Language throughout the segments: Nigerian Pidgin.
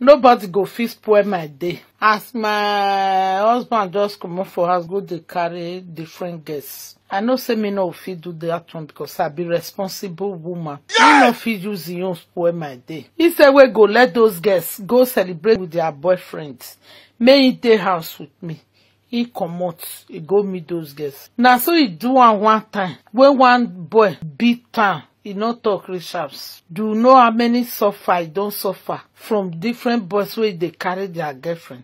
nobody go fit spoil my day as my husband just comot for house go dey carry different guests. i know say me no fit do that one because i be responsible woman me no fit use e own spoil my day He say wey go let those guests go celebrate with their boyfriends make e dey house with me e comot He go meet those guests. na so he do am one time When one boy beat am e no talk reach house do you know how many suffer e don suffer from different boys wey dey carry their girlfriend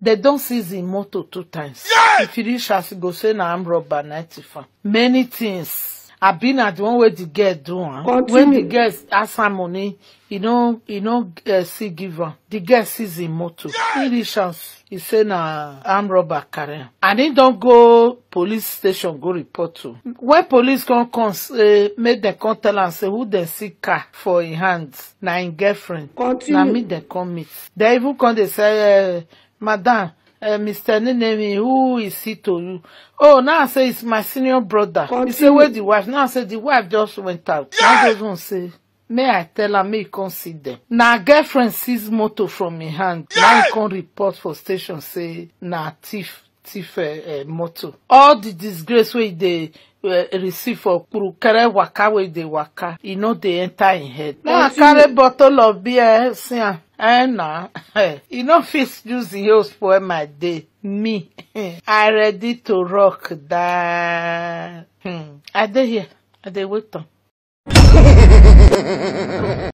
dem don seize im motor two times yes! if e reach house e go say na armed robber na tifa many things abi na uh, the one wey the girl do am when the girl ask am money e no e no uh, see give am the girl seize im motor yeah. he reach house e say na armed robber carry am and he don go police station go report to. when police come come say make dem come tell am say who dem see car for im hand na im girlfriend Continue. na me dem come meet dem even come dey say uh, madam Eh, Mr. Nenemi, who is he to you? Oh, now I say it's my senior brother. Continue. He say, where the wife? Now I say the wife just went out. Yeah. Now they don't say. May I tell am make come see them. Now girlfriend seize moto from me hand. Yeah. Now he can report for station say na thief thief uh, uh, motor. All the disgrace wey they. Eh, receive for kpuru carry waka wey dey waka e no dey enter im head na eh, carry bottle of beer eh, see am eh na e no fit use im heels spoil my day me i ready to rock dat hmm. i dey here i dey wait am.